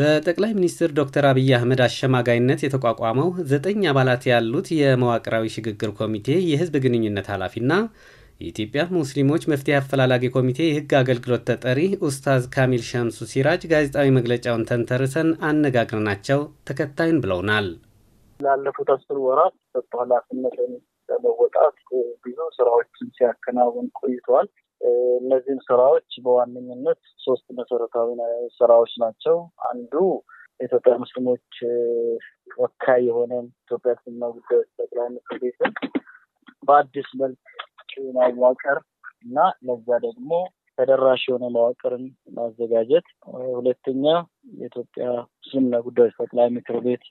በጠቅላይ ሚኒስትር ዶክተር አብይ አህመድ አሸማጋይነት የተቋቋመው ዘጠኝ አባላት ያሉት የመዋቅራዊ ሽግግር ኮሚቴ የህዝብ ግንኙነት ኃላፊና የኢትዮጵያ ሙስሊሞች መፍትሄ አፈላላጊ ኮሚቴ የህግ አገልግሎት ተጠሪ ኡስታዝ ካሚል ሸምሱ ሲራጅ ጋዜጣዊ መግለጫውን ተንተርሰን አነጋግረናቸው ተከታዩን ብለውናል። ላለፉት አስር ወራት ሰጡ ኃላፊነትን ለመወጣት ብዙ ስራዎችን ሲያከናውን ቆይተዋል። እነዚህም ስራዎች በዋነኝነት ሶስት መሰረታዊ ስራዎች ናቸው። አንዱ የኢትዮጵያ ሙስሊሞች ወካይ የሆነ ኢትዮጵያ እስልምና ጉዳዮች ጠቅላይ ምክር ቤትን በአዲስ መልክ ማዋቀር እና ለዛ ደግሞ ተደራሽ የሆነ መዋቅርን ማዘጋጀት። ሁለተኛ የኢትዮጵያ እስልምና ጉዳዮች ጠቅላይ ምክር ቤት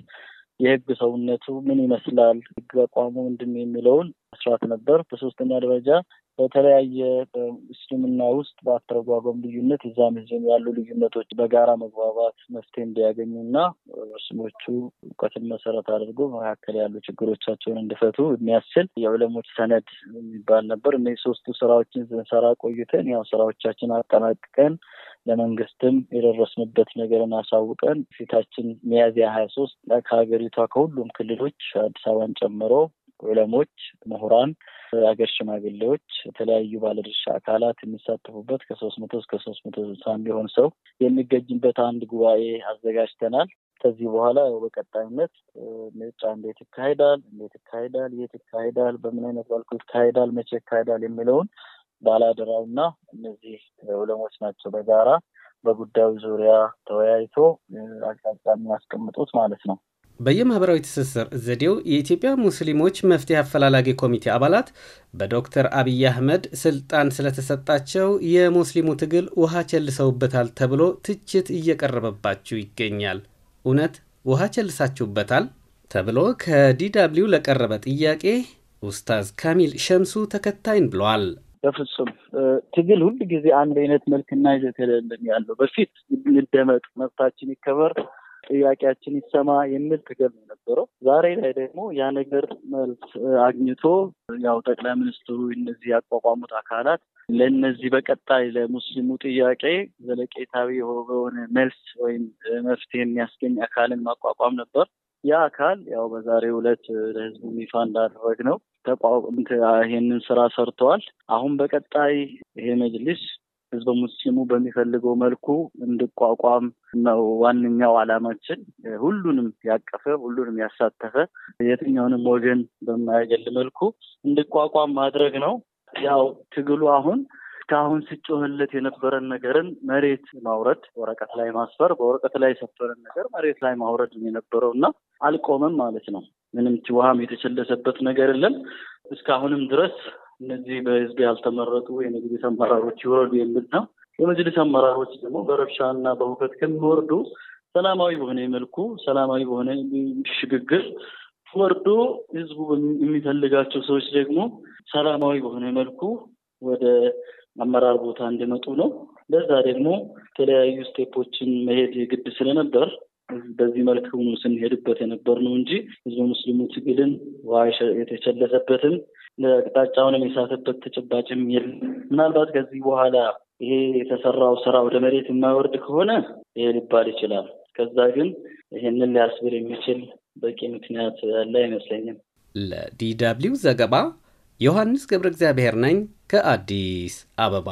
የህግ ሰውነቱ ምን ይመስላል፣ ህግ አቋሙ ምንድን የሚለውን መስራት ነበር። በሶስተኛ ደረጃ በተለያየ እስልምና ውስጥ በአተረጓጓም ልዩነት እዛም እዚህም ያሉ ልዩነቶች በጋራ መግባባት መፍትሄ እንዲያገኙ እና ሙስሊሞቹ እውቀትን መሰረት አድርጎ መካከል ያሉ ችግሮቻቸውን እንዲፈቱ የሚያስችል የዑለሞች ሰነድ የሚባል ነበር። እነዚህ ሶስቱ ስራዎችን ስንሰራ ቆይተን ያው ስራዎቻችን አጠናቅቀን ለመንግስትም የደረስንበት ነገርን አሳውቀን ፊታችን ሚያዝያ ሀያ ሶስት ከሀገሪቷ ከሁሉም ክልሎች አዲስ አበባን ጨምሮ ዑለሞች፣ ምሁራን፣ ሀገር ሽማግሌዎች፣ የተለያዩ ባለድርሻ አካላት የሚሳተፉበት ከሶስት መቶ እስከ ሶስት መቶ ስልሳ የሚሆን ሰው የሚገኝበት አንድ ጉባኤ አዘጋጅተናል። ከዚህ በኋላ በቀጣይነት ምርጫ እንዴት ይካሄዳል፣ እንዴት ይካሄዳል፣ የት ይካሄዳል፣ በምን አይነት መልኩ ይካሄዳል፣ መቼ ይካሄዳል የሚለውን ባለአደራው እና እነዚህ ዑለሞች ናቸው በጋራ በጉዳዩ ዙሪያ ተወያይቶ አቅጣጫ የሚያስቀምጡት ማለት ነው። በየማህበራዊ ትስስር ዘዴው የኢትዮጵያ ሙስሊሞች መፍትሄ አፈላላጊ ኮሚቴ አባላት በዶክተር አብይ አህመድ ስልጣን ስለተሰጣቸው የሙስሊሙ ትግል ውሃ ቸልሰውበታል ተብሎ ትችት እየቀረበባችሁ ይገኛል። እውነት ውሃ ቸልሳችሁበታል ተብሎ ከዲደብሊው ለቀረበ ጥያቄ ኡስታዝ ካሚል ሸምሱ ተከታይን ብለዋል። በፍጹም ትግል ሁል ጊዜ አንድ አይነት መልክና ይዘት የለለም ያለው። በፊት እንደመጥ፣ መብታችን ይከበር፣ ጥያቄያችን ይሰማ የሚል ትግል ነው የነበረው። ዛሬ ላይ ደግሞ ያ ነገር መልስ አግኝቶ ያው ጠቅላይ ሚኒስትሩ እነዚህ ያቋቋሙት አካላት ለእነዚህ በቀጣይ ለሙስሊሙ ጥያቄ ዘለቄታዊ የሆነ መልስ ወይም መፍትሄ የሚያስገኝ አካልን ማቋቋም ነበር። ያ አካል ያው በዛሬው ዕለት ለህዝቡ ይፋ እንዳደረግ ነው ተቋቁም ይሄንን ስራ ሰርተዋል። አሁን በቀጣይ ይሄ መጅሊስ ህዝበ ሙስሊሙ በሚፈልገው መልኩ እንዲቋቋም ነው ዋነኛው አላማችን ሁሉንም ያቀፈ ሁሉንም ያሳተፈ የትኛውንም ወገን በማያገል መልኩ እንዲቋቋም ማድረግ ነው። ያው ትግሉ አሁን እስካሁን ሲጮህለት የነበረን ነገርን መሬት ማውረድ፣ ወረቀት ላይ ማስፈር፣ በወረቀት ላይ የሰፈረን ነገር መሬት ላይ ማውረድ የነበረው እና አልቆመም ማለት ነው። ምንም ውሃም የተቸለሰበት ነገር የለም። እስካሁንም ድረስ እነዚህ በህዝብ ያልተመረጡ የመጅልስ አመራሮች ይወረዱ የሚል ነው። የመጅልስ አመራሮች ደግሞ እና በሁከት ከሚወርዱ ሰላማዊ በሆነ መልኩ ሰላማዊ በሆነ ሽግግር ወርዶ ህዝቡ የሚፈልጋቸው ሰዎች ደግሞ ሰላማዊ በሆነ መልኩ ወደ አመራር ቦታ እንዲመጡ ነው። ለዛ ደግሞ የተለያዩ ስቴፖችን መሄድ የግድ ስለነበር በዚህ መልክ ሆኖ ስንሄድበት የነበር ነው እንጂ ህዝበ ሙስሊሙ ትግልን ውሃ የተቸለሰበትም አቅጣጫውንም የሳተበት ተጨባጭም የለም። ምናልባት ከዚህ በኋላ ይሄ የተሰራው ስራ ወደ መሬት የማይወርድ ከሆነ ይሄ ሊባል ይችላል። ከዛ ግን ይህንን ሊያስብል የሚችል በቂ ምክንያት ያለ አይመስለኝም። ለዲ ደብልዩ ዘገባ ዮሐንስ ገብረ እግዚአብሔር ነኝ። ከአዲስ አበባ